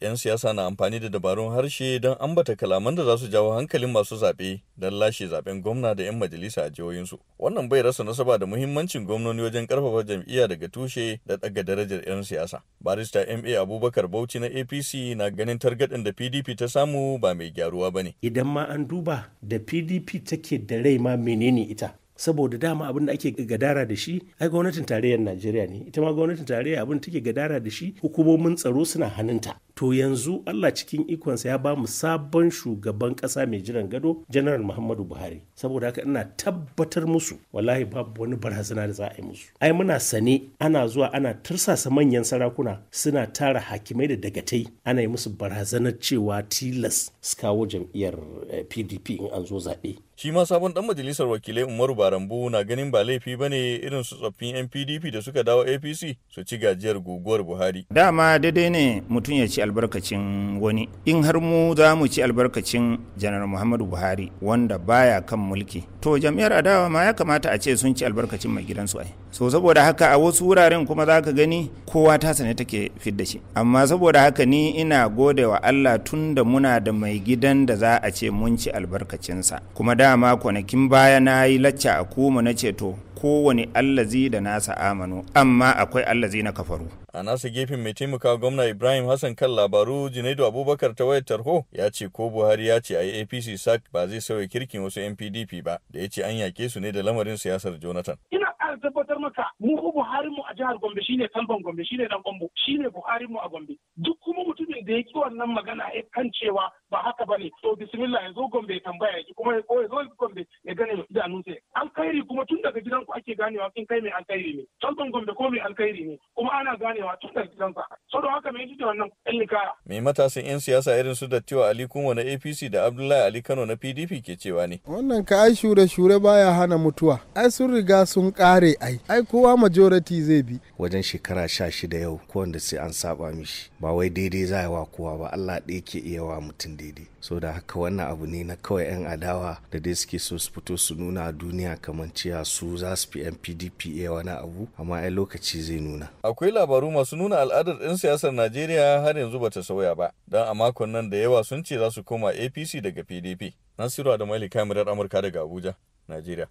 'yan siyasa na amfani da dabarun harshe don ambata kalaman da za su jawo hankalin masu zaɓe don lashe zaɓen gwamna da 'yan majalisa a jihohinsu wannan bai rasa nasaba da muhimmancin gwamnoni wajen karfafa jam'iyya daga tushe da ɗaga darajar 'yan siyasa barista ma abubakar bauchi na apc na ganin targaɗin da pdp ta samu ba mai gyaruwa ba ne idan ma an duba da pdp take da rai ma menene ita saboda dama abin da ake gadara da shi ai gwamnatin tarayyar najeriya ne ita ma gwamnatin tarayya abin take gadara da shi hukumomin tsaro suna hannunta to yanzu Allah cikin ikonsa ya ba mu sabon shugaban kasa mai jiran gado janar Muhammadu Buhari saboda haka ina tabbatar musu wallahi babu wani barazana da za a yi musu ai muna sane ana zuwa ana tursasa manyan sarakuna suna tara hakimai da dagatai ana yi musu barazanar cewa tilas su kawo jam'iyyar PDP eh, in an zo zaɓe shi ma sabon dan majalisar wakilai umaru barambu na ganin ba laifi ba ne irin su tsoffin npdp da suka dawo apc su ci gajiyar guguwar buhari dama daidai ne mutum ya ci albarkacin wani in har mu za mu ci albarkacin janar muhammadu buhari wanda baya kan mulki to jam'iyyar adawa ma ya kamata a ce sun ci albarkacin mai gidansu ai so saboda haka a wasu wuraren kuma za ka gani kowa ta sane take fidda shi amma saboda haka ni ina gode wa allah tun da muna da mai gidan da za a ce mun ci albarkacinsa kuma da dama kwanakin baya na yi lacca a koma na ceto kowane allazi da nasa amanu amma akwai allazi na kafaru. A nasa gefen mai taimaka gwamna Ibrahim Hassan kan labaru Junaidu Abubakar ta wayar tarho ya ce ko Buhari ya ce a yi APC SAC ba zai sauya kirkin wasu NPDP ba da ya ce an yake su ne da lamarin siyasar Jonathan. Ina tabbatar maka mu ko Buhari mu a jihar Gombe shine kalban Gombe shine dan Gombe shine Buhari mu a Gombe duk kuma mutumin da ya ki wannan magana kan cewa ba haka ba ne to bismillah yanzu bai tambaya ya kuma ko yanzu bai ya gane da idanunsa alkhairi kuma tun daga gidan ku ake ganewa kin kai mai alkhairi ne salton gombe ko mai alkhairi ne kuma ana ganewa tun daga gidan so saboda haka mai jiji wannan ɗan kaya me matasan yan siyasa irin su Dattiwa Ali kunwa na APC da Abdullahi Ali Kano na PDP ke cewa ne wannan ka ai shure shure baya hana mutuwa ai sun riga sun kare ai ai kowa majority zai bi wajen shekara 16 yau ko wanda sai an saba mishi ba wai daidai za wa kowa ba Allah ɗaya ke iya wa mutum daidai so da haka wannan abu ne na kawai 'yan adawa da dai suke so su fito su nuna a duniya kamar cewa su za su fi a wani abu amma 'yan lokaci zai nuna akwai labaru masu nuna al'adar 'yan siyasar najeriya har yanzu bata sauya ba don a makon nan da yawa sun ce za su koma apc daga pdp nasiru da maili kamirar amurka daga abuja najeriya